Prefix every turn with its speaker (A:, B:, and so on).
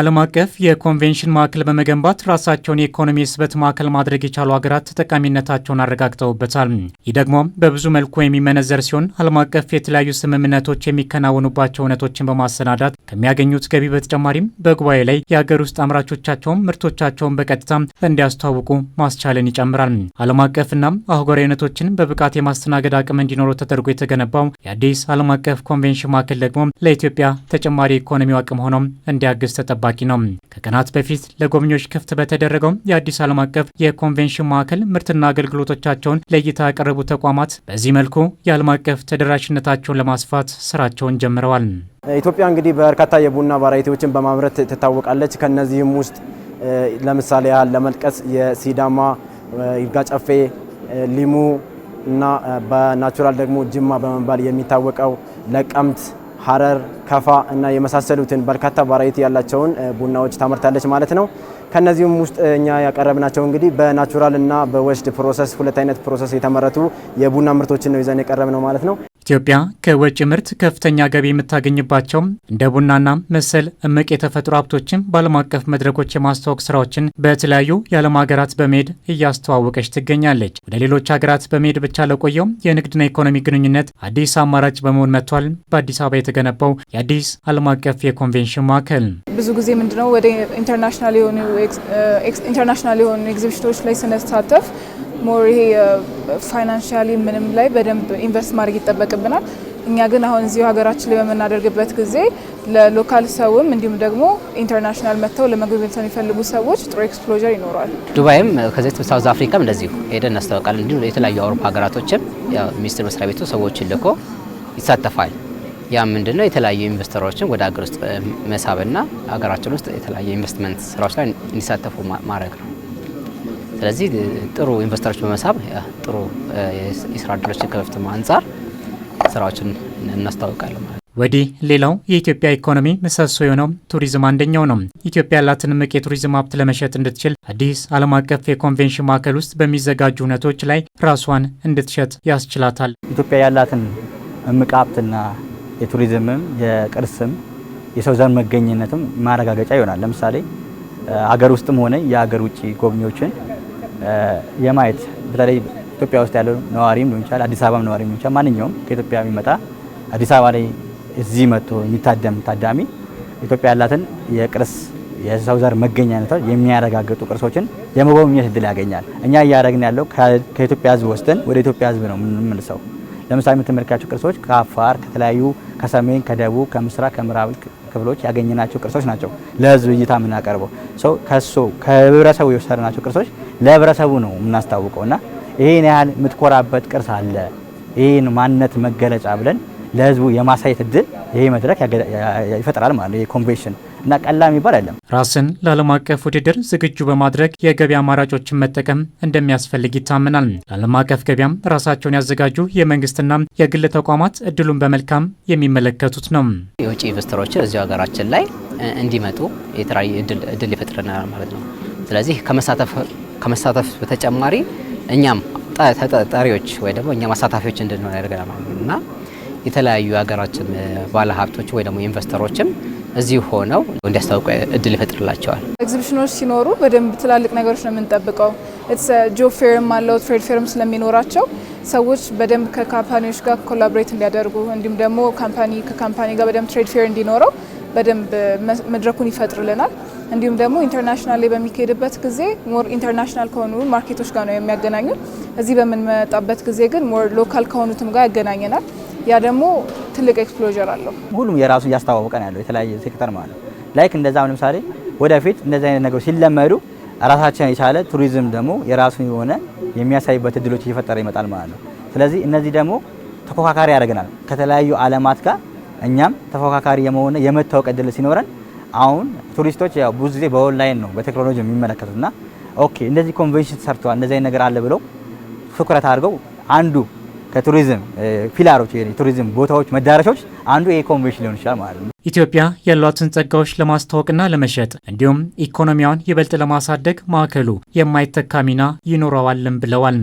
A: ዓለም አቀፍ የኮንቬንሽን ማዕከል በመገንባት ራሳቸውን የኢኮኖሚ ስበት ማዕከል ማድረግ የቻሉ ሀገራት ተጠቃሚነታቸውን አረጋግጠውበታል። ይህ ደግሞ በብዙ መልኩ የሚመነዘር ሲሆን ዓለም አቀፍ የተለያዩ ስምምነቶች የሚከናወኑባቸው እውነቶችን በማሰናዳት ከሚያገኙት ገቢ በተጨማሪም በጉባኤ ላይ የሀገር ውስጥ አምራቾቻቸውን ምርቶቻቸውን በቀጥታ እንዲያስተዋውቁ ማስቻልን ይጨምራል። ዓለም አቀፍና አህጉራዊ እውነቶችን በብቃት የማስተናገድ አቅም እንዲኖረው ተደርጎ የተገነባው የአዲስ ዓለም አቀፍ ኮንቬንሽን ማዕከል ደግሞ ለኢትዮጵያ ተጨማሪ ኢኮኖሚው አቅም ሆኖም እንዲያግዝ ተጠባ ጠባቂ ነው። ከቀናት በፊት ለጎብኚዎች ክፍት በተደረገው የአዲስ ዓለም አቀፍ የኮንቬንሽን ማዕከል ምርትና አገልግሎቶቻቸውን ለእይታ ያቀረቡ ተቋማት በዚህ መልኩ የዓለም አቀፍ ተደራሽነታቸውን ለማስፋት ስራቸውን ጀምረዋል።
B: ኢትዮጵያ እንግዲህ በርካታ የቡና ቫራይቲዎችን በማምረት ትታወቃለች። ከነዚህም ውስጥ ለምሳሌ ያህል ለመጥቀስ የሲዳማ፣ ጨፌ፣ ሊሙ እና በናቹራል ደግሞ ጅማ በመባል የሚታወቀው ለቀምት ሀረር፣ ከፋ እና የመሳሰሉትን በርካታ ቫራይቲ ያላቸውን ቡናዎች ታመርታለች ማለት ነው። ከነዚህም ውስጥ እኛ ያቀረብናቸው እንግዲህ በናቹራል እና በወስድ ፕሮሰስ ሁለት አይነት ፕሮሰስ የተመረቱ የቡና ምርቶችን ነው ይዘን የቀረብነው ማለት ነው።
A: ኢትዮጵያ ከወጪ ምርት ከፍተኛ ገቢ የምታገኝባቸው እንደ ቡናና መሰል እምቅ የተፈጥሮ ሀብቶችን በዓለም አቀፍ መድረኮች የማስተዋወቅ ስራዎችን በተለያዩ የዓለም ሀገራት በመሄድ እያስተዋወቀች ትገኛለች። ወደ ሌሎች ሀገራት በመሄድ ብቻ ለቆየው የንግድና ኢኮኖሚ ግንኙነት አዲስ አማራጭ በመሆን መጥቷል። በአዲስ አበባ የተገነባው የአዲስ ዓለም አቀፍ የኮንቬንሽን ማዕከል
C: ብዙ ጊዜ ምንድነው ወደ ኢንተርናሽናል የሆኑ ኢንተርናሽናል uh, የሆኑ ኤግዚቢሽኖች ላይ ስንሳተፍ ሞር ይሄ ፋይናንሻሊ uh, ምንም ላይ በደንብ ኢንቨስት ማድረግ ይጠበቅብናል። እኛ ግን አሁን እዚሁ ሀገራችን ላይ በምናደርግበት ጊዜ ለሎካል ሰውም እንዲሁም ደግሞ ኢንተርናሽናል መጥተው ለመጎብኘት የሚፈልጉ ሰዎች ጥሩ ኤክስፕሎጀር ይኖረዋል።
D: ዱባይም ከዚህ ሳውዝ አፍሪካም እንደዚሁ ሄደን እናስታውቃለን። እንዲሁም የተለያዩ አውሮፓ ሀገራቶችም ሚኒስቴር መስሪያ ቤቱ ሰዎችን ልኮ ይሳተፋል። ያ ምንድን ነው የተለያዩ ኢንቨስተሮችን ወደ ሀገር ውስጥ መሳብና ሀገራችን ውስጥ የተለያዩ ኢንቨስትመንት ስራዎች ላይ እንዲሳተፉ ማድረግ ነው። ስለዚህ ጥሩ ኢንቨስተሮች በመሳብ ጥሩ የስራ እድሎችን ከበፊት አንጻር ስራዎችን እናስታውቃለን ማለት ነው።
A: ወዲህ ሌላው የኢትዮጵያ ኢኮኖሚ ምሰሶ የሆነው ቱሪዝም አንደኛው ነው። ኢትዮጵያ ያላትን ምቅ የቱሪዝም ሀብት ለመሸጥ እንድትችል አዲስ ዓለም አቀፍ የኮንቬንሽን ማዕከል ውስጥ በሚዘጋጁ እውነቶች ላይ ራሷን እንድትሸጥ ያስችላታል።
E: ኢትዮጵያ ያላትን እምቅ ሀብትና የቱሪዝምም የቅርስም የሰው ዘር መገኝነትም ማረጋገጫ ይሆናል። ለምሳሌ ሀገር ውስጥም ሆነ የሀገር ውጭ ጎብኚዎችን የማየት በተለይ ኢትዮጵያ ውስጥ ያለው ነዋሪም ሊሆን ይችላል፣ አዲስ አበባም ነዋሪም ሊሆን ይችላል። ማንኛውም ከኢትዮጵያ የሚመጣ አዲስ አበባ ላይ እዚህ መጥቶ የሚታደም ታዳሚ ኢትዮጵያ ያላትን የቅርስ የሰው ዘር መገኛ የሚያረጋግጡ ቅርሶችን የመጎብኘት እድል ያገኛል። እኛ እያደረግን ያለው ከኢትዮጵያ ሕዝብ ወስደን ወደ ኢትዮጵያ ሕዝብ ነው የምንመልሰው። ለምሳሌ የምትመለከታቸው ቅርሶች ከአፋር፣ ከተለያዩ ከሰሜን፣ ከደቡብ፣ ከምስራቅ፣ ከምዕራብ ክፍሎች ያገኘናቸው ቅርሶች ናቸው ለህዝብ እይታ የምናቀርበው። ሰው ከሱ ከህብረተሰቡ የወሰድናቸው ቅርሶች ለህብረተሰቡ ነው የምናስታውቀው እና ይህን ያህል የምትኮራበት ቅርስ አለ ይህን ማንነት መገለጫ ብለን ለህዝቡ የማሳየት እድል ይሄ መድረክ ይፈጥራል ማለት ነው። የኮንቬንሽን እና ቀላ የሚባል አይደለም።
A: ራስን ለዓለም አቀፍ ውድድር ዝግጁ በማድረግ የገበያ አማራጮችን መጠቀም እንደሚያስፈልግ ይታመናል። ለዓለም አቀፍ ገቢያም ራሳቸውን ያዘጋጁ የመንግስትና የግል ተቋማት እድሉን በመልካም የሚመለከቱት ነው።
D: የውጭ ኢንቨስተሮችን እዚሁ ሀገራችን ላይ እንዲመጡ የተለያዩ እድል ይፈጥረናል ማለት ነው። ስለዚህ ከመሳተፍ በተጨማሪ እኛም ተጠሪዎች ወይ ደግሞ እኛ አሳታፊዎች እንድንሆን ያደርገናል እና የተለያዩ ሀገራችን ባለሀብቶች ወይ ደግሞ ኢንቨስተሮችም እዚሁ ሆነው እንዲያስታውቁ እድል ይፈጥርላቸዋል።
C: ኤግዚቢሽኖች ሲኖሩ በደንብ ትላልቅ ነገሮች ነው የምንጠብቀው። ጆብ ፌርም አለው ትሬድ ፌርም ስለሚኖራቸው ሰዎች በደንብ ከካምፓኒዎች ጋር ኮላቦሬት እንዲያደርጉ እንዲሁም ደግሞ ካምፓኒ ከካምፓኒ ጋር በደንብ ትሬድ ፌር እንዲኖረው በደንብ መድረኩን ይፈጥርልናል። እንዲሁም ደግሞ ኢንተርናሽናል ላይ በሚካሄድበት ጊዜ ሞር ኢንተርናሽናል ከሆኑ ማርኬቶች ጋር ነው የሚያገናኙት እዚህ በምንመጣበት ጊዜ ግን ሞር ሎካል ከሆኑትም ጋር ያገናኘናል። ያ ደግሞ ትልቅ ኤክስፕሎዥር አለው።
E: ሁሉም የራሱ እያስተዋወቀ ነው ያለው የተለያየ ሴክተር ማለት ላይክ እንደዛ ለምሳሌ ወደፊት እንደዚህ አይነት ነገሮች ሲለመዱ ራሳችን የቻለ ቱሪዝም ደግሞ የራሱን የሆነ የሚያሳይበት እድሎች እየፈጠረ ይመጣል ማለት ነው። ስለዚህ እነዚህ ደግሞ ተፎካካሪ ያደርገናል ከተለያዩ ዓለማት ጋር እኛም ተፎካካሪ የመሆነ የመታወቅ እድል ሲኖረን አሁን ቱሪስቶች ያው ብዙ ጊዜ በኦንላይን ነው በቴክኖሎጂ የሚመለከቱና ኦኬ እንደዚህ ኮንቬንሽን ተሰርተዋል እንደዚህ አይነት ነገር አለ ብለው ትኩረት አድርገው አንዱ ከቱሪዝም ፊላሮች የቱሪዝም ቦታዎች መዳረሻዎች አንዱ የኮንቬንሽን ሊሆን ይችላል ማለት ነው።
A: ኢትዮጵያ ያሏትን ጸጋዎች ለማስተዋወቅና ለመሸጥ እንዲሁም ኢኮኖሚዋን ይበልጥ ለማሳደግ ማዕከሉ የማይተካ ሚና ይኖረዋልም ብለዋል።